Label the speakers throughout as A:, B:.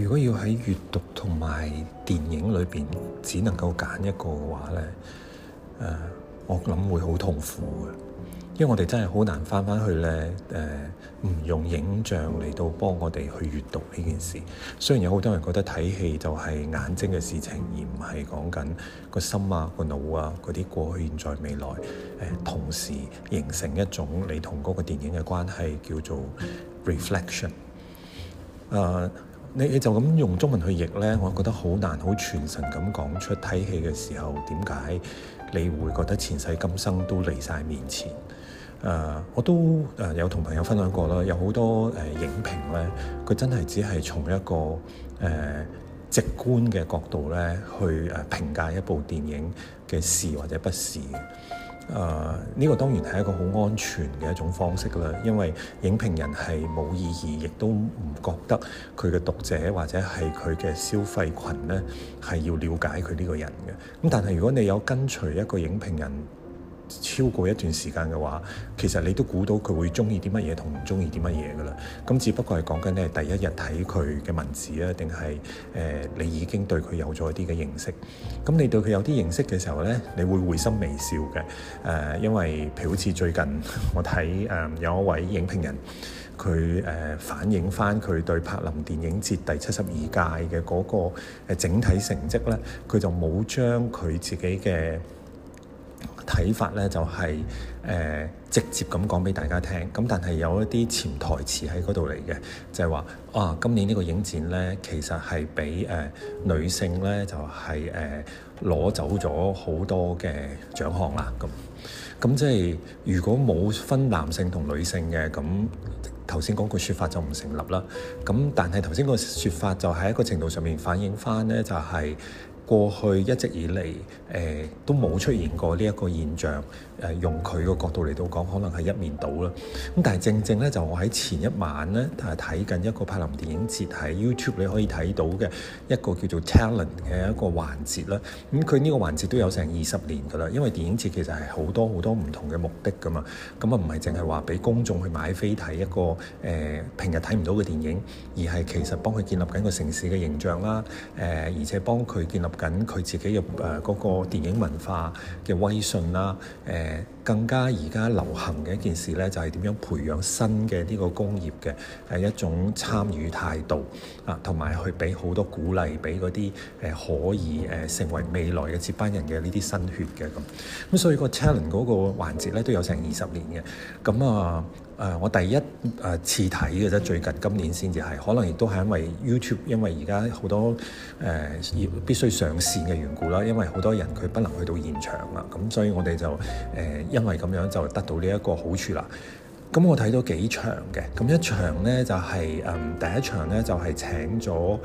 A: 如果要喺閱讀同埋電影裏邊，只能夠揀一個嘅話咧，誒、呃，我諗會好痛苦嘅，因為我哋真係好難返返去咧，誒、呃，唔用影像嚟到幫我哋去閱讀呢件事。雖然有好多人覺得睇戲就係眼睛嘅事情，而唔係講緊個心啊、個腦啊嗰啲過去、現在、未來，誒、呃，同時形成一種你同嗰個電影嘅關係叫做 reflection，誒。呃你你就咁用中文去譯呢，我覺得好難好全神咁講出。睇戲嘅時候點解你會覺得前世今生都離晒面前？呃、我都、呃、有同朋友分享過啦，有好多、呃、影評呢，佢真係只係從一個誒、呃、直觀嘅角度呢，去誒評價一部電影嘅是或者不是。誒呢個當然係一個好安全嘅一種方式啦，因為影評人係冇意義，亦都唔覺得佢嘅讀者或者係佢嘅消費群呢係要了解佢呢個人嘅。咁但係如果你有跟隨一個影評人，超過一段時間嘅話，其實你都估到佢會中意啲乜嘢同唔中意啲乜嘢噶啦。咁只不過係講緊你係第一日睇佢嘅文字啊，定係誒你已經對佢有咗一啲嘅認識。咁你對佢有啲認識嘅時候呢，你會會心微笑嘅。誒、呃，因為譬如好似最近我睇誒、呃、有一位影評人，佢誒、呃、反映翻佢對柏林電影節第七十二屆嘅嗰個誒整體成績呢，佢就冇將佢自己嘅。睇法咧就係呃直接咁講俾大家聽，咁但係有一啲潛台詞喺嗰度嚟嘅，就係話啊今年呢個影展咧其實係俾、呃、女性咧就係攞、呃、走咗好多嘅獎項啦咁。咁即係如果冇分男性同女性嘅，咁頭先嗰句説法就唔成立啦。咁但係頭先個說法就喺一個程度上面反映翻咧，就係。過去一直以嚟，誒、呃、都冇出現過呢一個現象。誒、呃、用佢個角度嚟到講，可能係一面倒啦。咁但係正正咧，就我喺前一晚咧，都係睇緊一個柏林電影節喺 YouTube 你可以睇到嘅一個叫做 talent 嘅一個環節啦。咁佢呢個環節都有成二十年噶啦，因為電影節其實係好多好多唔同嘅目的噶嘛。咁啊唔係淨係話俾公眾去買飛睇一個誒、呃、平日睇唔到嘅電影，而係其實幫佢建立緊個城市嘅形象啦。誒、呃、而且幫佢建立緊佢自己嘅誒嗰個電影文化嘅威信啦、啊，誒更加而家流行嘅一件事咧，就係、是、點樣培養新嘅呢個工業嘅係一種參與態度啊，同埋去俾好多鼓勵給那些，俾嗰啲誒可以誒成為未來嘅接班人嘅呢啲新血嘅咁，咁、啊、所以個 challenge 嗰個環節咧都有成二十年嘅，咁啊。誒，我第一誒次睇嘅啫，最近今年先至係，可能亦都係因為 YouTube，因為而家好多誒要、呃、必須上線嘅緣故啦，因為好多人佢不能去到現場啦，咁所以我哋就誒、呃、因為咁樣就得到呢一個好處啦。咁我睇到幾場嘅，咁一場咧就係、是、誒第一場咧就係、是、請咗。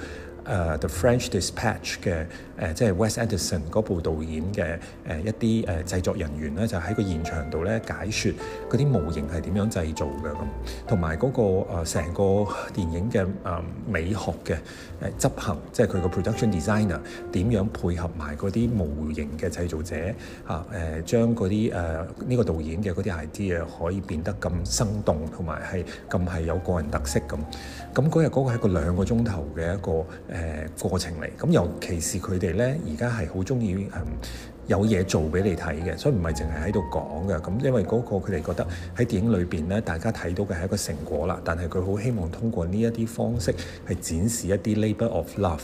A: 誒、uh, The French Dispatch 嘅誒、uh, 即係 Wes Anderson 嗰部導演嘅誒、uh, 一啲誒、uh, 製作人員咧，就喺個現場度咧解說嗰啲模型係點樣製造嘅咁，同埋嗰個成、呃、個電影嘅誒、嗯、美學嘅誒執行，即係佢個 production designer 點樣配合埋嗰啲模型嘅製造者嚇誒將嗰啲誒呢個導演嘅嗰啲 idea 可以變得咁生動同埋係咁係有個人特色咁。咁嗰日嗰個係個兩個鐘頭嘅一個誒、呃、過程嚟，咁尤其是佢哋咧，而家係好中意有嘢做俾你睇嘅，所以唔係淨係喺度講嘅。咁因為嗰個佢哋覺得喺電影裏邊咧，大家睇到嘅係一個成果啦。但係佢好希望通過呢一啲方式去展示一啲 labour of love。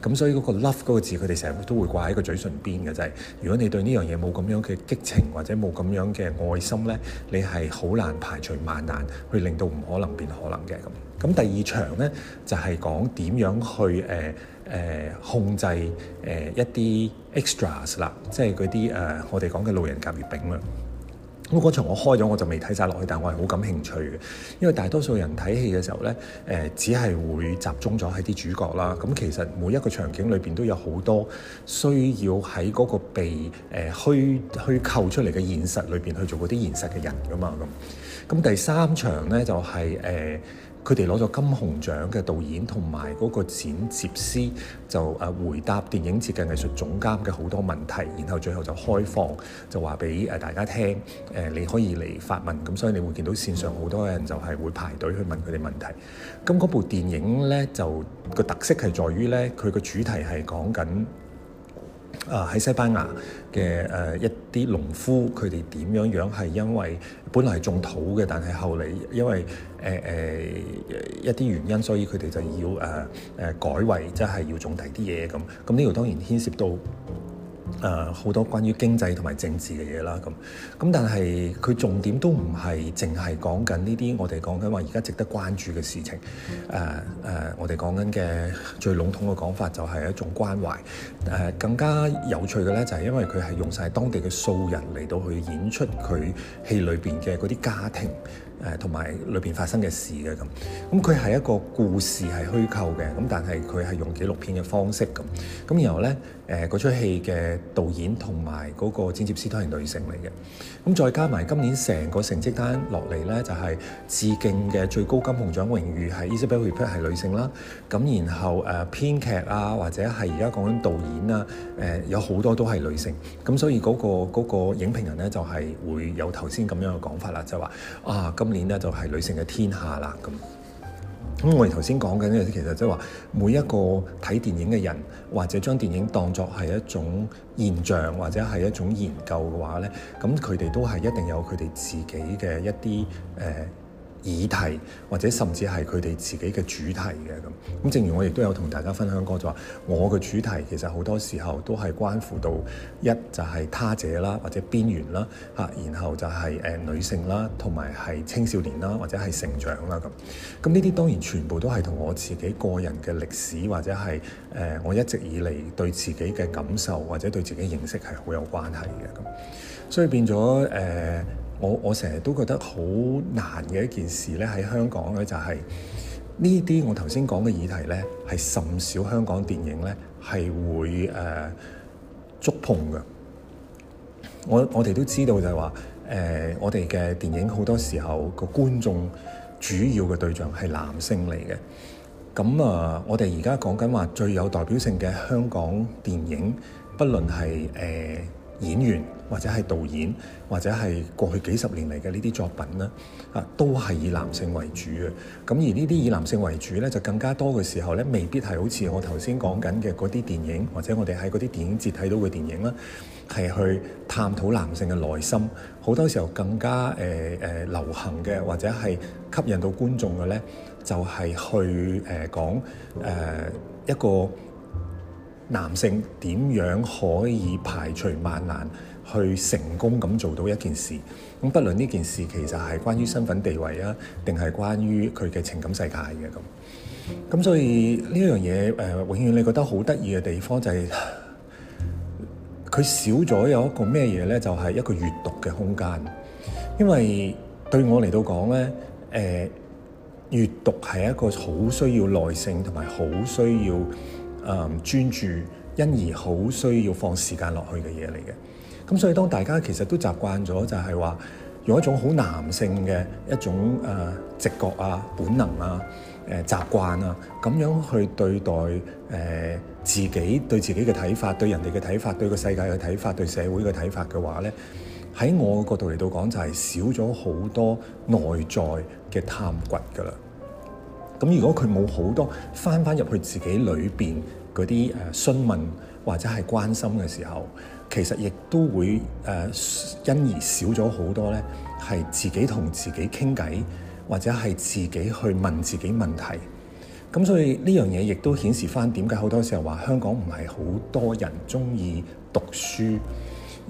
A: 咁所以嗰個 love 嗰個字，佢哋成日都會掛喺個嘴唇邊嘅就啫、係。如果你對呢樣嘢冇咁樣嘅激情或者冇咁樣嘅愛心咧，你係好難排除萬難去令到唔可能變可能嘅咁。咁第二場咧就係講點樣去誒、呃呃、控制誒、呃、一啲 extras 啦，即係嗰啲誒我哋講嘅路人甲乙丙啦。咁、那、嗰、個、場我開咗，我就未睇晒落去，但係我係好感興趣嘅，因為大多數人睇戲嘅時候咧、呃、只係會集中咗喺啲主角啦。咁其實每一個場景裏面都有好多需要喺嗰個被誒、呃、虛虛構出嚟嘅現實裏面去做嗰啲現實嘅人噶嘛。咁咁第三場咧就係、是、誒。呃佢哋攞咗金熊獎嘅導演同埋嗰個剪接師就誒回答電影設計藝術總監嘅好多問題，然後最後就開放就話俾誒大家聽誒你可以嚟發問，咁所以你會見到線上好多人就係會排隊去問佢哋問題。咁嗰部電影呢，就個特色係在於呢，佢個主題係講緊。啊！喺西班牙嘅誒、啊、一啲農夫，佢哋點樣樣係因為本來係種土嘅，但係後嚟因為誒誒、呃呃、一啲原因，所以佢哋就要誒誒、啊啊、改為即係要種第啲嘢咁。咁呢度當然牽涉到。誒、呃、好多關於經濟同埋政治嘅嘢啦，咁咁但係佢重點都唔係淨係講緊呢啲我哋講緊話而家值得關注嘅事情。誒、呃、誒、呃，我哋講緊嘅最籠統嘅講法就係一種關懷。誒、呃、更加有趣嘅咧，就係因為佢係用晒當地嘅素人嚟到去演出佢戲裏邊嘅嗰啲家庭。誒同埋裏邊發生嘅事嘅咁，咁佢係一個故事係虛構嘅，咁但係佢係用紀錄片嘅方式咁，咁然後咧誒嗰出戲嘅導演同埋嗰個剪接師都係女性嚟嘅，咁再加埋今年成個成績單落嚟咧就係、是、致敬嘅最高金熊獎榮譽係 Isabelle Huppert 係女性啦，咁然後誒編劇啊或者係而家講緊導演啊誒有好多都係女性，咁所以嗰、嗰個嗰個影評人咧就係、是、會有頭先咁樣嘅講法啦，就話、是、啊咁。今年咧就係女性嘅天下啦，咁咁我哋頭先講緊咧，其實即係話每一個睇電影嘅人，或者將電影當作係一種現象，或者係一種研究嘅話咧，咁佢哋都係一定有佢哋自己嘅一啲誒。呃議題或者甚至係佢哋自己嘅主題嘅咁，咁正如我亦都有同大家分享過，就話我嘅主題其實好多時候都係關乎到一就係他者啦，或者邊緣啦，嚇，然後就係誒女性啦，同埋係青少年啦，或者係成長啦咁。咁呢啲當然全部都係同我自己個人嘅歷史或者係誒我一直以嚟對自己嘅感受或者對自己嘅認識係好有關係嘅咁，所以變咗誒。呃我我成日都覺得好難嘅一件事咧，喺香港咧就係呢啲我頭先講嘅議題咧，係甚少香港電影咧係會誒、呃、觸碰嘅。我我哋都知道就係話誒，我哋嘅電影好多時候個觀眾主要嘅對象係男性嚟嘅。咁啊，我哋而家講緊話最有代表性嘅香港電影，不論係誒。呃演員或者係導演或者係過去幾十年嚟嘅呢啲作品咧，啊都係以男性為主嘅。咁而呢啲以男性為主咧，就更加多嘅時候咧，未必係好似我頭先講緊嘅嗰啲電影，或者我哋喺嗰啲電影節睇到嘅電影啦，係去探討男性嘅內心。好多時候更加誒誒、呃呃、流行嘅或者係吸引到觀眾嘅咧，就係、是、去誒、呃、講誒、呃、一個。男性點樣可以排除萬難去成功咁做到一件事？咁不論呢件事其實係關於身份地位啊，定係關於佢嘅情感世界嘅咁。咁所以呢樣嘢誒，永遠你覺得好得意嘅地方就係佢少咗有一個咩嘢呢？就係一個閱讀嘅空間。因為對我嚟到講呢，誒、呃，閱讀係一個好需要耐性同埋好需要。誒、嗯、專注，因而好需要放時間落去嘅嘢嚟嘅。咁所以當大家其實都習慣咗，就係話用一種好男性嘅一種誒、呃、直覺啊、本能啊、誒、呃、習慣啊，咁樣去對待誒、呃、自己對自己嘅睇法、對人哋嘅睇法、對個世界嘅睇法、對社會嘅睇法嘅話咧，喺我個角度嚟到講，就係少咗好多內在嘅探掘噶啦。咁如果佢冇好多返返入去自己裏邊，嗰啲誒詢問或者係關心嘅時候，其實亦都會、呃、因而少咗好多咧，係自己同自己傾偈，或者係自己去問自己問題。咁所以呢樣嘢亦都顯示返點解好多時候話香港唔係好多人鍾意讀書。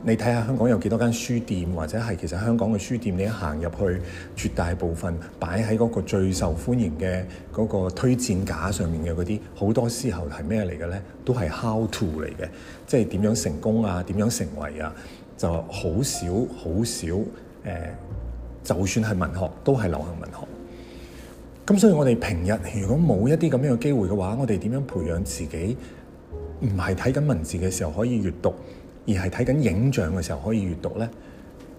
A: 你睇下香港有幾多間書店，或者係其實香港嘅書店，你一行入去，絕大部分擺喺嗰個最受歡迎嘅嗰個推薦架上面嘅嗰啲，好多時候係咩嚟嘅咧？都係 how to 嚟嘅，即係點樣成功啊？點樣成為啊？就好少好少誒，就算係文學都係流行文學，咁所以我哋平日如果冇一啲咁樣嘅機會嘅話，我哋點樣培養自己唔係睇緊文字嘅時候可以閲讀。而係睇緊影像嘅時候可以閲讀咧，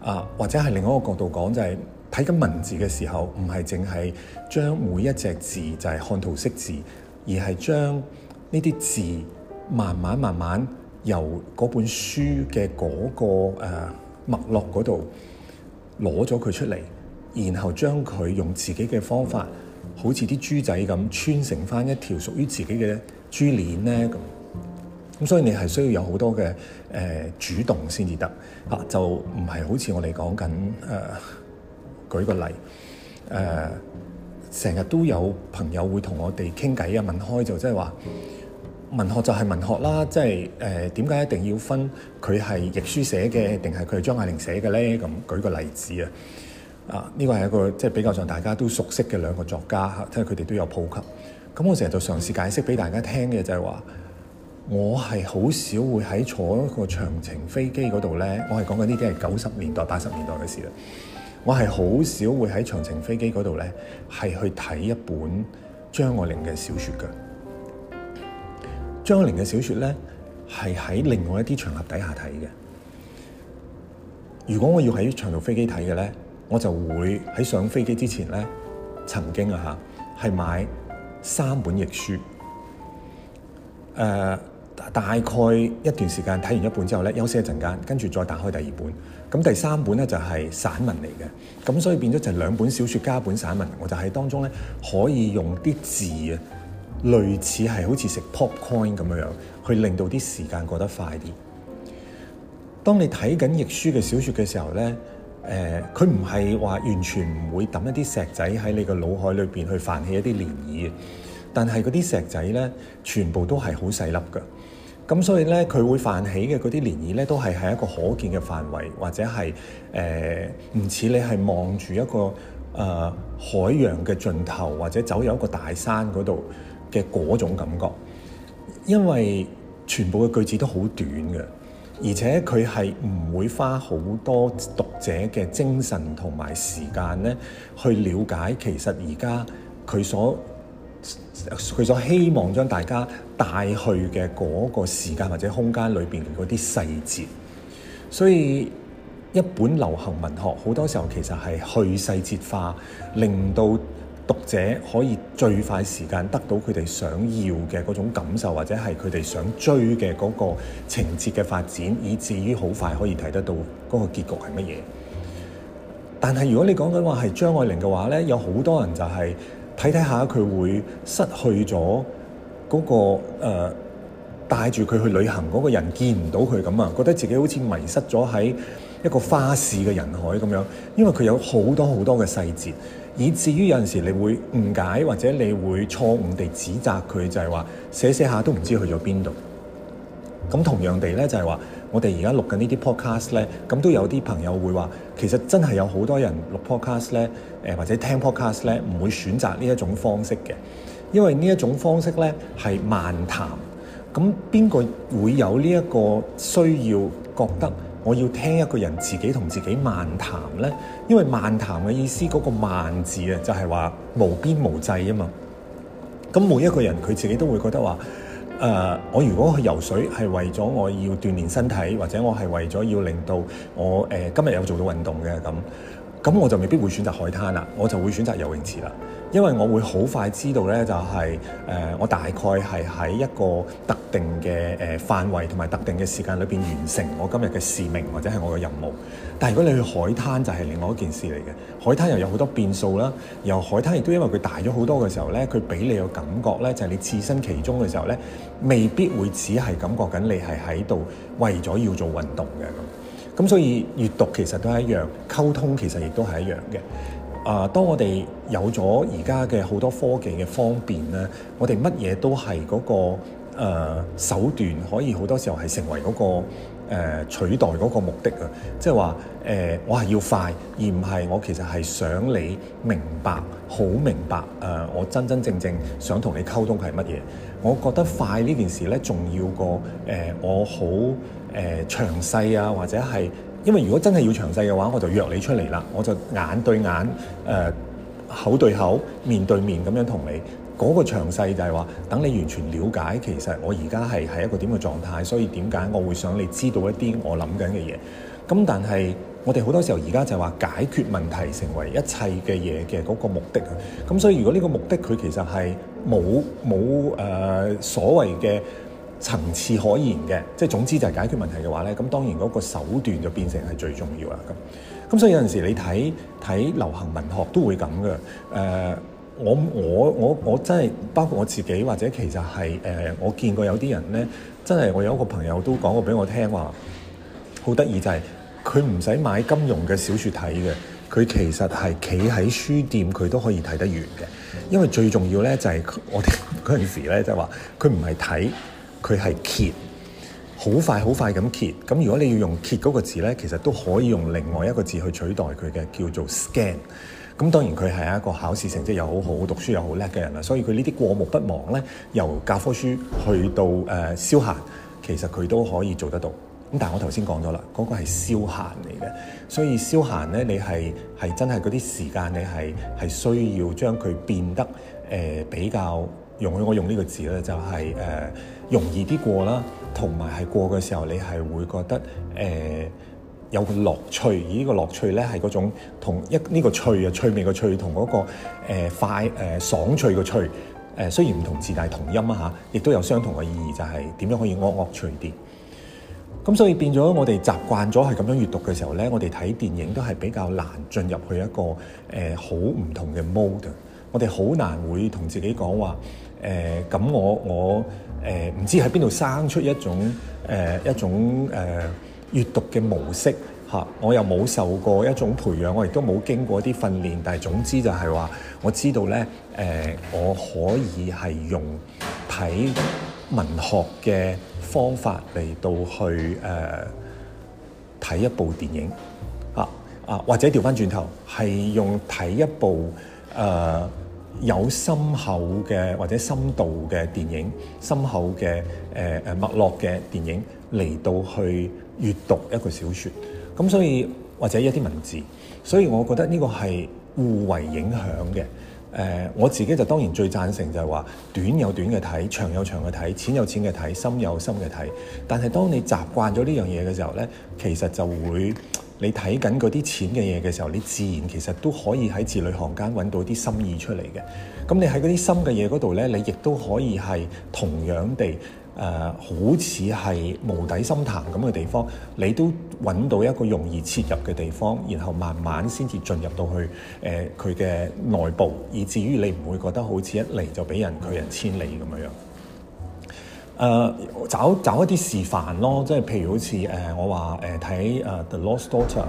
A: 啊，或者係另一個角度講，就係睇緊文字嘅時候，唔係淨係將每一隻字就係、是、看圖識字，而係將呢啲字慢慢慢慢由嗰本書嘅嗰、那個誒、啊、脈絡嗰度攞咗佢出嚟，然後將佢用自己嘅方法，好似啲珠仔咁穿成翻一條屬於自己嘅珠鏈咧咁。咁所以你係需要有好多嘅，誒、呃、主動先至得，吓、啊，就唔係好似我哋講緊誒、呃、舉個例，誒，成日都有朋友會同我哋傾偈啊問開，就即係話文學就係文學啦，即係誒點解一定要分佢係亦舒寫嘅，定係佢係張愛玲寫嘅咧？咁舉個例子啊，啊、這、呢個係一個即係比較上大家都熟悉嘅兩個作家，啊、即係佢哋都有普及。咁我成日就嘗試解釋俾大家聽嘅就係、是、話。我係好少會喺坐一個長程飛機嗰度咧，我係講緊呢啲係九十年代、八十年代嘅事啦。我係好少會喺長程飛機嗰度咧，係去睇一本張愛玲嘅小説嘅。張愛玲嘅小説咧，係喺另外一啲場合底下睇嘅。如果我要喺長途飛機睇嘅咧，我就會喺上飛機之前咧，曾經啊嚇，係買三本譯書，誒、呃。大概一段時間睇完一本之後咧，休息一陣間，跟住再打開第二本。咁第三本咧就係散文嚟嘅，咁所以變咗就兩本小説加一本散文，我就喺當中咧可以用啲字啊，類似係好似食 popcorn 咁樣樣，去令到啲時間過得快啲。當你睇緊譯書嘅小説嘅時候咧，誒、呃，佢唔係話完全唔會揼一啲石仔喺你個腦海裏邊去泛起一啲漣漪。但係嗰啲石仔咧，全部都係好細粒嘅，咁所以咧佢會泛起嘅嗰啲漣漪咧，都係喺一個可見嘅範圍，或者係誒唔似你係望住一個誒、呃、海洋嘅盡頭，或者走入一個大山嗰度嘅嗰種感覺。因為全部嘅句子都好短嘅，而且佢係唔會花好多讀者嘅精神同埋時間咧去了解，其實而家佢所佢所希望將大家帶去嘅嗰個時間或者空間裏邊嘅嗰啲細節，所以一本流行文學好多時候其實係去細節化，令到讀者可以最快時間得到佢哋想要嘅嗰種感受，或者係佢哋想追嘅嗰個情節嘅發展，以至於好快可以睇得到嗰個結局係乜嘢。但係如果你講緊話係張愛玲嘅話呢，有好多人就係、是。睇睇下佢會失去咗嗰個誒，帶住佢去旅行嗰個人見唔到佢咁啊，覺得自己好似迷失咗喺一個花市嘅人海咁樣，因為佢有好多好多嘅細節，以至於有陣時你會誤解或者你會錯誤地指責佢，就係話寫寫下都唔知去咗邊度。咁同樣地咧，就係話。我哋而家錄緊呢啲 podcast 咧，咁都有啲朋友會話，其實真係有好多人錄 podcast 咧、呃，或者聽 podcast 咧，唔會選擇呢一種方式嘅，因為呢一種方式咧係漫談。咁邊個會有呢一個需要覺得我要聽一個人自己同自己漫談咧？因為漫談嘅意思嗰、嗰個漫字啊，就係話無邊無際啊嘛。咁每一個人佢自己都會覺得話。誒、uh，我如果去游水係為咗我要鍛煉身體，或者我係為咗要令到我、呃、今日有做到運動嘅咁，咁我就未必會選擇海灘啦，我就會選擇游泳池啦。因為我會好快知道咧，就是，就係誒我大概係喺一個特定嘅誒範圍同埋特定嘅時間裏邊完成我今日嘅使命，或者係我嘅任務。但係如果你去海灘就係另外一件事嚟嘅，海灘又有好多變數啦。然後海灘亦都因為佢大咗好多嘅時候咧，佢俾你嘅感覺咧，就係你置身其中嘅時候咧，未必會只係感覺緊你係喺度為咗要做運動嘅咁。咁所以閱讀其實都係一樣，溝通其實亦都係一樣嘅。啊！當我哋有咗而家嘅好多科技嘅方便咧，我哋乜嘢都係嗰個、呃、手段，可以好多時候係成為嗰個、呃、取代嗰個目的啊！即係話誒、我係要快，而唔係我其實係想你明白，好明白、呃、我真真正正想同你溝通嘅係乜嘢。我覺得快呢件事咧，重要過、呃、我好誒、呃、詳細啊，或者係。因為如果真係要詳細嘅話，我就約你出嚟啦，我就眼對眼、誒、呃、口對口、面對面咁樣同你嗰、嗰個詳細，就係話，等你完全了解其實我而家係係一個點嘅狀態，所以點解我會想你知道一啲我諗緊嘅嘢？咁但係我哋好多時候而家就話解決問題成為一切嘅嘢嘅嗰個目的啊！咁所以如果呢個目的佢其實係冇冇誒所謂嘅。層次可言嘅，即係總之就係解決問題嘅話咧，咁當然嗰個手段就變成係最重要啦。咁，咁所以有陣時你睇睇流行文學都會咁嘅。誒、呃，我我我我真係包括我自己，或者其實係誒、呃，我見過有啲人咧，真係我有一個朋友都講過俾我聽話，好得意就係佢唔使買金融嘅小説睇嘅，佢其實係企喺書店佢都可以睇得完嘅，因為最重要咧就係、是、我哋嗰陣時咧就係話佢唔係睇。佢係揭，好快好快咁揭。咁如果你要用揭嗰個字呢，其實都可以用另外一個字去取代佢嘅，叫做 scan。咁當然佢係一個考試成績又好好、讀書又好叻嘅人啦。所以佢呢啲過目不忘呢，由教科書去到誒、呃、消閒，其實佢都可以做得到。咁但係我頭先講咗啦，嗰、嗰個係消閒嚟嘅，所以消閒呢，你係係真係嗰啲時間，你係係需要將佢變得誒、呃、比較。容許我用呢個字咧，就係、是、誒、呃、容易啲過啦，同埋係過嘅時候，你係會覺得誒、呃、有個樂趣，而呢個樂趣咧係嗰種同一呢、這個趣啊，趣味嘅趣同嗰、那個、呃、快誒、呃、爽脆嘅趣誒，雖然唔同字，但係同音啊嚇，亦都有相同嘅意義，就係、是、點樣可以樂樂趣啲。咁所以變咗我哋習慣咗係咁樣閲讀嘅時候咧，我哋睇電影都係比較難進入去一個誒好唔同嘅 mode，我哋好難會同自己講話。誒、呃、咁我我誒唔、呃、知喺邊度生出一種誒、呃、一種誒、呃、閱讀嘅模式嚇，我又冇受過一種培養，我亦都冇經過啲訓練，但係總之就係話我知道咧誒、呃，我可以係用睇文學嘅方法嚟到去誒睇、呃、一部電影啊啊，或者調返轉頭係用睇一部誒。呃有深厚嘅或者深度嘅電影，深厚嘅誒誒脈絡嘅電影嚟到去閱讀一個小說，咁所以或者一啲文字，所以我覺得呢個係互為影響嘅。誒、呃，我自己就當然最贊成就係話短有短嘅睇，長有長嘅睇，淺有淺嘅睇，深有深嘅睇。但係當你習慣咗呢樣嘢嘅時候咧，其實就會。你睇緊嗰啲淺嘅嘢嘅時候，你自然其實都可以喺字裏行間揾到啲心意出嚟嘅。咁你喺嗰啲深嘅嘢嗰度呢，你亦都可以係同樣地、呃、好似係無底深潭咁嘅地方，你都揾到一個容易切入嘅地方，然後慢慢先至進入到去佢嘅內部，以至於你唔會覺得好似一嚟就俾人拒人千里咁樣。誒、uh, 找找一啲示範咯，即係譬如好似誒、呃、我話誒睇誒 The Lost Daughter，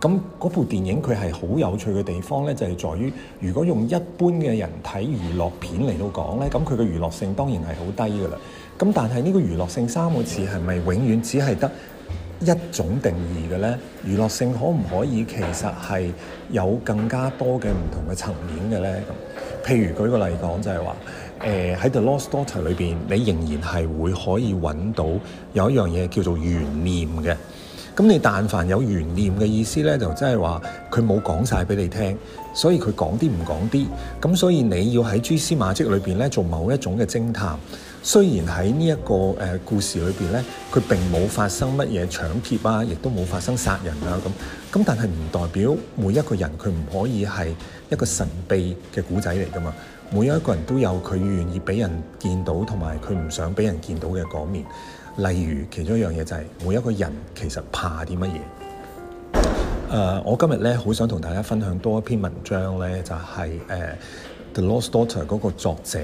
A: 咁嗰部電影佢係好有趣嘅地方咧，就係、是、在於如果用一般嘅人睇娛樂片嚟到講咧，咁佢嘅娛樂性當然係好低㗎啦。咁但係呢個娛樂性三個字係咪永遠只係得一種定義嘅咧？娛樂性可唔可以其實係有更加多嘅唔同嘅層面嘅咧？譬如舉個例講就係話。誒喺《The Lost Daughter》裏邊，你仍然係會可以揾到有一樣嘢叫做懸念嘅。咁你但凡有懸念嘅意思咧，就即係話佢冇講晒俾你聽，所以佢講啲唔講啲。咁所以你要喺蛛絲馬跡裏邊咧做某一種嘅偵探。雖然喺呢一個誒故事裏邊咧，佢並冇發生乜嘢搶劫啊，亦都冇發生殺人啊咁。咁但係唔代表每一個人佢唔可以係一個神秘嘅古仔嚟噶嘛。每一個人都有佢願意俾人見到，同埋佢唔想俾人見到嘅嗰面。例如其中一樣嘢就係、是、每一個人其實怕啲乜嘢。Uh, 我今日咧好想同大家分享多一篇文章咧，就係、是 uh,《The Lost Daughter》嗰個作者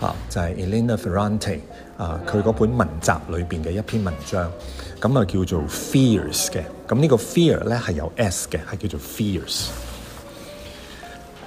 A: 啊，uh, 就係 Elena Ferrante 啊，佢嗰本文集裏面嘅一篇文章，咁啊叫做 Fears 嘅。咁呢個 Fear 咧係有 S 嘅，係叫做 Fears。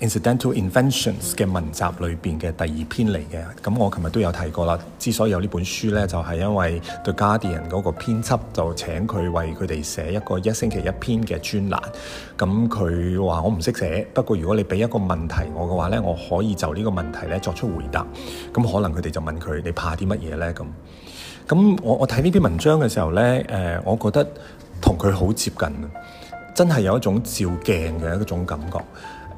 A: 《Incidental Inventions》嘅文集裏面嘅第二篇嚟嘅。咁我琴日都有提過啦。之所以有呢本書呢，就係因為《The Guardian》嗰個編輯就請佢為佢哋寫一個一星期一篇嘅專欄。咁佢話：我唔識寫，不過如果你俾一個問題我嘅話呢，我可以就呢個問題呢作出回答。咁可能佢哋就問佢：「你怕啲乜嘢呢？」咁咁我我睇呢篇文章嘅時候呢，呃、我覺得同佢好接近，真係有一種照鏡嘅一種感覺。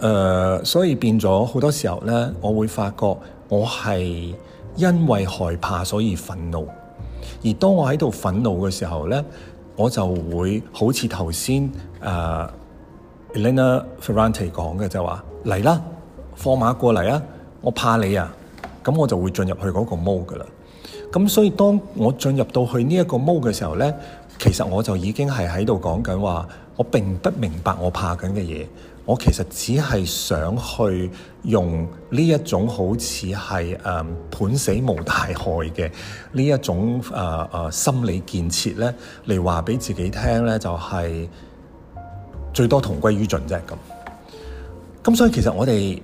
A: 誒、呃，所以變咗好多時候咧，我會發覺我係因為害怕所以憤怒，而當我喺度憤怒嘅時候咧，我就會好似頭先誒、呃、Elena Ferrante 講嘅就話嚟啦，放馬過嚟啊！我怕你啊，咁我就會進入去嗰個 mode 噶啦。咁所以當我進入到去呢一個 mode 嘅時候咧，其實我就已經係喺度講緊話，我並不明白我怕緊嘅嘢。我其實只係想去用呢一種好似係誒，判、嗯、死無大害嘅呢一種誒誒、呃呃、心理建設咧，嚟話俾自己聽咧，就係、是、最多同歸於盡啫咁。咁所以其實我哋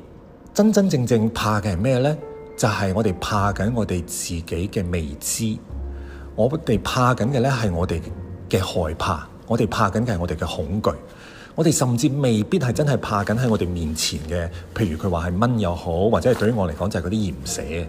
A: 真真正正怕嘅係咩咧？就係、是、我哋怕緊我哋自己嘅未知，我哋怕緊嘅咧係我哋嘅害怕，我哋怕緊嘅係我哋嘅恐懼。我哋甚至未必係真係怕緊喺我哋面前嘅，譬如佢話係蚊又好，或者係對於我嚟講就係嗰啲鹽蛇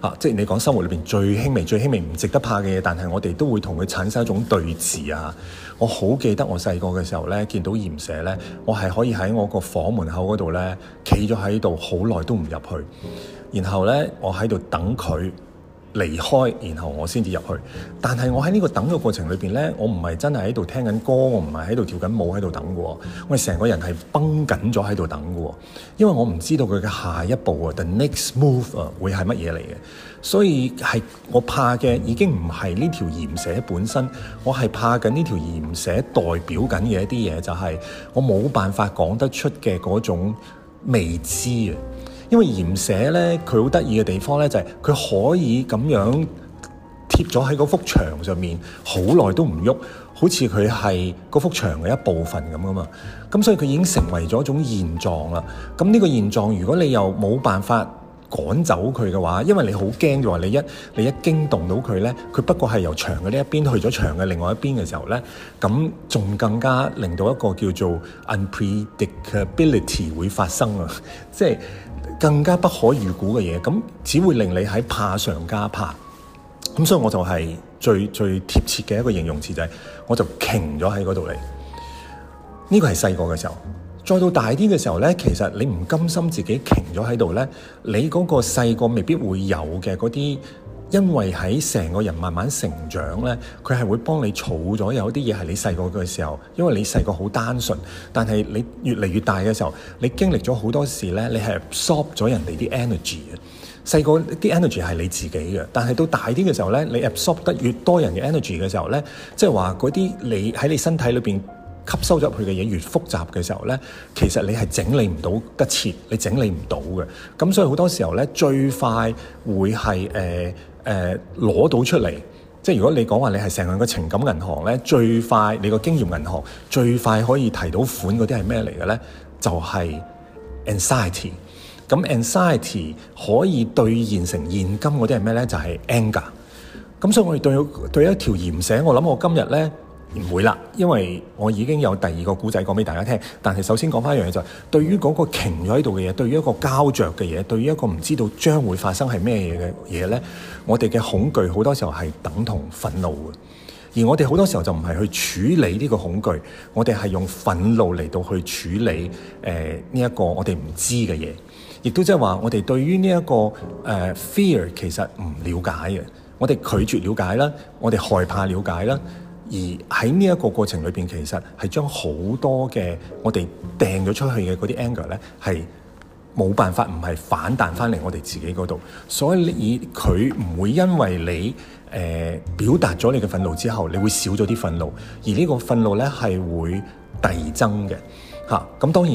A: 啊，即係你講生活裏面最輕微、最輕微唔值得怕嘅嘢，但係我哋都會同佢產生一種對峙啊。我好記得我細個嘅時候呢，見到鹽蛇呢，我係可以喺我個房門口嗰度呢，企咗喺度好耐都唔入去，然後呢，我喺度等佢離開，然後我先至入去。但係我喺呢個等嘅過程裏邊呢，我唔係真係喺度聽緊歌，我唔係喺度跳緊舞喺度等喎。我成個人係繃緊咗喺度等喎，因為我唔知道佢嘅下一步啊，the next move 啊，會係乜嘢嚟嘅。所以係我怕嘅已經唔係呢條鹽蛇本身，我係怕緊呢條鹽蛇代表緊嘅一啲嘢，就係、是、我冇辦法講得出嘅嗰種未知啊。因為岩寫咧，佢好得意嘅地方咧，就係、是、佢可以咁樣貼咗喺嗰幅牆上面，好耐都唔喐，好似佢係嗰幅牆嘅一部分咁噶嘛。咁所以佢已經成為咗一種現狀啦。咁呢個現狀，如果你又冇辦法。趕走佢嘅話，因為你好驚嘅話，你一你一驚動到佢咧，佢不過係由牆嘅呢一邊去咗牆嘅另外一邊嘅時候咧，咁仲更加令到一個叫做 unpredictability 會發生啊，即係更加不可預估嘅嘢，咁只會令你喺怕上加怕。咁所以我就係最最貼切嘅一個形容詞就係、是，我就停咗喺嗰度嚟。呢、這個係細個嘅時候。再到大啲嘅時候呢，其實你唔甘心自己停咗喺度呢。你嗰個細個未必會有嘅嗰啲，因為喺成個人慢慢成長呢，佢係會幫你儲咗有啲嘢係你細個嘅時候，因為你細個好單純，但係你越嚟越大嘅時候，你經歷咗好多事呢，你係 absorb 咗人哋啲 energy 啊。細個啲 energy 係你自己嘅，但係到大啲嘅時候呢，你 absorb 得越多人嘅 energy 嘅時候呢，即係話嗰啲你喺你身體裏邊。吸收咗佢嘅嘢越複雜嘅時候咧，其實你係整理唔到吉切，你整理唔到嘅。咁所以好多時候咧，最快會係誒誒攞到出嚟。即係如果你講話你係成個情感銀行咧，最快你個經驗銀行最快可以提到款嗰啲係咩嚟嘅咧？就係 anxiety。咁 anxiety 可以兌現成現金嗰啲係咩咧？就係 anger。咁所以我哋對對一條鹽蛇，我諗我今日咧。唔會啦，因為我已經有第二個故仔講俾大家聽。但係首先講返一樣嘢就係，對於嗰個停咗喺度嘅嘢，對於一個膠着嘅嘢，對於一個唔知道將會發生係咩嘢嘅嘢呢，我哋嘅恐懼好多時候係等同憤怒嘅。而我哋好多時候就唔係去處理呢個恐懼，我哋係用憤怒嚟到去處理誒呢一個我哋唔知嘅嘢，亦都即係話我哋對於呢一個誒、呃、fear 其實唔了解嘅，我哋拒絕了解啦，我哋害怕了解啦。而喺呢一個過程裏邊，其實係將好多嘅我哋掟咗出去嘅嗰啲 anger 咧，係冇辦法唔係反彈翻嚟我哋自己嗰度，所以佢唔會因為你誒、呃、表達咗你嘅憤怒之後，你會少咗啲憤怒，而呢個憤怒咧係會遞增嘅嚇。咁、啊嗯、當然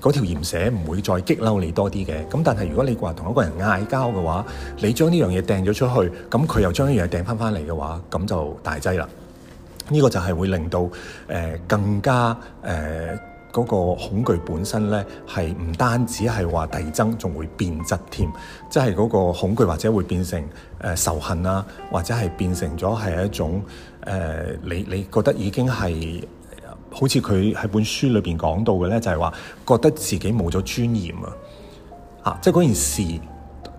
A: 嗰條鹽蛇唔會再激嬲你多啲嘅。咁但係如果你話同一個人嗌交嘅話，你將呢樣嘢掟咗出去，咁、嗯、佢又將呢樣嘢掟翻翻嚟嘅話，咁就大劑啦。呢、這個就係會令到誒、呃、更加誒嗰、呃那個恐懼本身咧，係唔單止係話遞增，仲會變質添，即係嗰個恐懼或者會變成誒、呃、仇恨啊，或者係變成咗係一種誒、呃、你你覺得已經係好似佢喺本書裏邊講到嘅咧，就係、是、話覺得自己冇咗尊嚴啊，啊，即係嗰件事。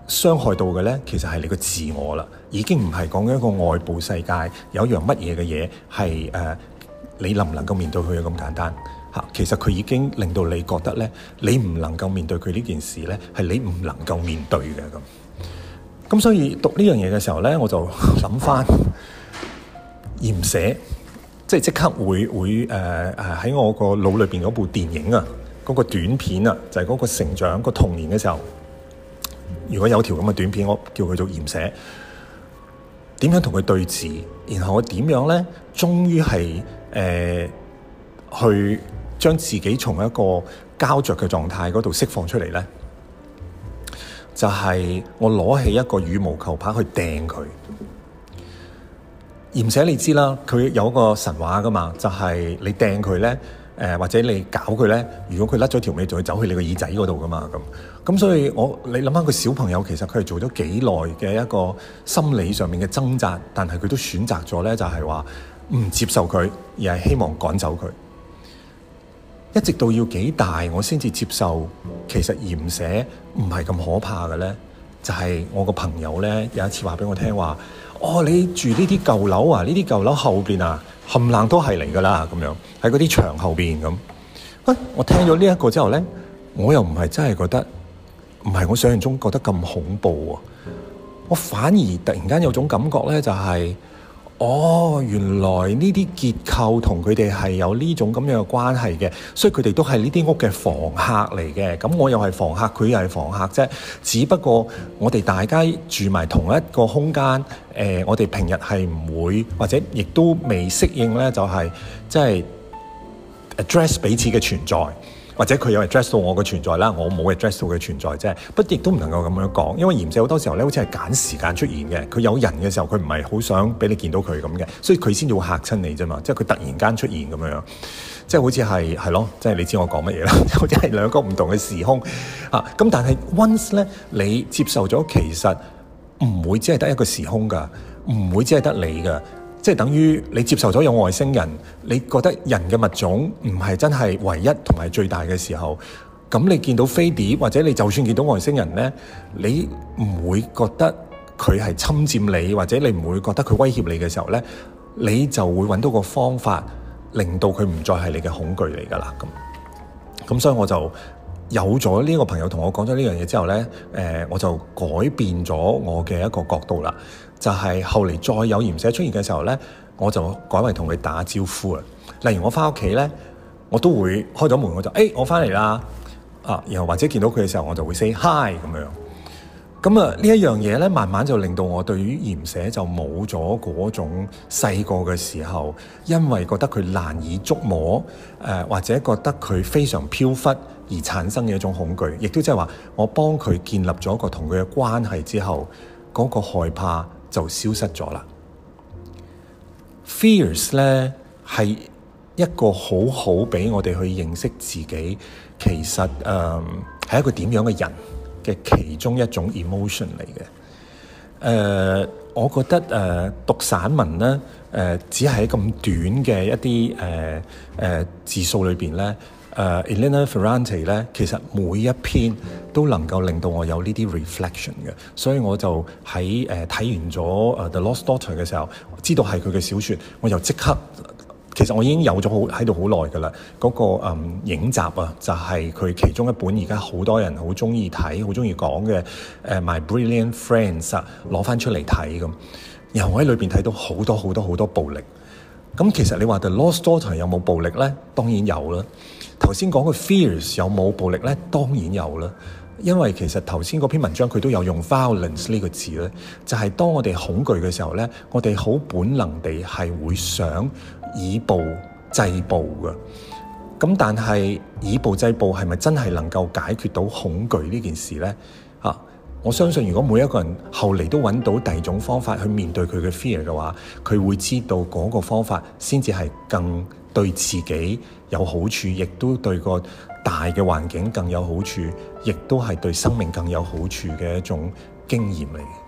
A: 傷害到嘅咧，其實係你個自我啦，已經唔係講緊一個外部世界有一樣乜嘢嘅嘢係誒，你能唔能夠面對佢咁簡單吓，啊？其實佢已經令到你覺得咧，你唔能夠面對佢呢件事咧，係你唔能夠面對嘅咁。咁所以讀呢樣嘢嘅時候咧，我就諗翻，嫌寫即係即刻會會誒誒喺我個腦裏邊嗰部電影啊，嗰個短片啊，就係嗰個成長個童年嘅時候。如果有條咁嘅短片，我叫佢做簷蛇，點樣同佢對峙？然後我點樣咧？終於係誒、呃，去將自己從一個膠着嘅狀態嗰度釋放出嚟咧，就係、是、我攞起一個羽毛球拍去掟佢。簷蛇你知啦，佢有個神話噶嘛，就係、是、你掟佢咧，誒、呃、或者你搞佢咧，如果佢甩咗條尾，就會走去你個耳仔嗰度噶嘛咁。咁所以我你諗下個小朋友，其實佢係做咗幾耐嘅一個心理上面嘅掙扎，但係佢都選擇咗咧，就係話唔接受佢，而係希望趕走佢。一直到要幾大，我先至接受。其實鹽舍唔係咁可怕嘅咧，就係、是、我個朋友咧有一次話俾我聽話，哦，你住呢啲舊樓啊，呢啲舊樓後邊啊，冚冷都係嚟噶啦，咁樣喺嗰啲牆後邊咁。喂、啊，我聽咗呢一個之後咧，我又唔係真係覺得。唔係我想象中覺得咁恐怖啊！我反而突然間有種感覺呢，就係、是、哦，原來呢啲結構同佢哋係有呢種咁樣嘅關係嘅，所以佢哋都係呢啲屋嘅房客嚟嘅。咁我又係房客，佢又係房客啫。只不過我哋大家住埋同一個空間，誒、呃，我哋平日係唔會或者亦都未適應呢，就係即係 address 彼此嘅存在。或者佢有係 address 到我嘅存在啦，我冇嘅 address 到嘅存在啫。不亦都唔能夠咁樣講，因為嫌忌，好多時候咧，好似係揀時間出現嘅。佢有人嘅時候，佢唔係好想俾你見到佢咁嘅，所以佢先至會嚇親你啫嘛。即係佢突然間出現咁樣，即係好似係係咯。即係你知我講乜嘢啦？好似係兩個唔同嘅時空啊！咁但係 once 咧，你接受咗，其實唔會只係得一個時空噶，唔會只係得你噶。即係等於你接受咗有外星人，你覺得人嘅物種唔係真係唯一同埋最大嘅時候，咁你見到飛碟或者你就算見到外星人呢，你唔會覺得佢係侵佔你，或者你唔會覺得佢威脅你嘅時候呢，你就會揾到個方法令到佢唔再係你嘅恐懼嚟㗎喇，咁咁所以我就。有咗呢個朋友同我講咗呢樣嘢之後呢、呃，我就改變咗我嘅一個角度啦。就係、是、後嚟再有鹽蛇出現嘅時候呢，我就改為同佢打招呼啊。例如我翻屋企呢，我都會開咗門，我就誒、哎、我翻嚟啦，然後或者見到佢嘅時候，我就會 say hi 咁樣。咁啊，呢一樣嘢呢，慢慢就令到我對於鹽蛇就冇咗嗰種細個嘅時候，因為覺得佢難以觸摸、呃、或者覺得佢非常飄忽。而產生嘅一種恐懼，亦都即係話，我幫佢建立咗一個同佢嘅關係之後，嗰個害怕就消失咗啦。 Fears 咧係一個好好俾我哋去認識自己，其實誒係一個點樣嘅人嘅其中一種 emotion 嚟嘅。誒，我覺得誒讀散文咧，誒只係咁短嘅一啲誒誒字數裏邊咧。誒、uh, Elena Ferrante 咧，其實每一篇都能夠令到我有呢啲 reflection 嘅，所以我就喺睇、呃、完咗《uh, The Lost Daughter》嘅時候，知道係佢嘅小說，我就即刻其實我已經有咗好喺度好耐嘅啦。嗰、那個、嗯、影集啊，就係、是、佢其中一本，而家好多人好中意睇、好中意講嘅《uh, My Brilliant Friends、啊》，攞翻出嚟睇咁。然後我喺裏邊睇到好多好多好多暴力。咁其實你話《The Lost Daughter》有冇暴力咧？當然有啦。頭先講嘅 fears 有冇暴力呢？當然有啦，因為其實頭先嗰篇文章佢都有用 violence 呢個字咧，就係當我哋恐懼嘅時候呢，我哋好本能地係會想以暴制暴嘅。咁但係以暴制暴係咪真係能夠解決到恐懼呢件事呢？啊，我相信如果每一個人後嚟都揾到第二種方法去面對佢嘅 fear 嘅話，佢會知道嗰個方法先至係更對自己有好處，亦都對個大嘅環境更有好處，亦都係對生命更有好處嘅一種經驗嚟嘅。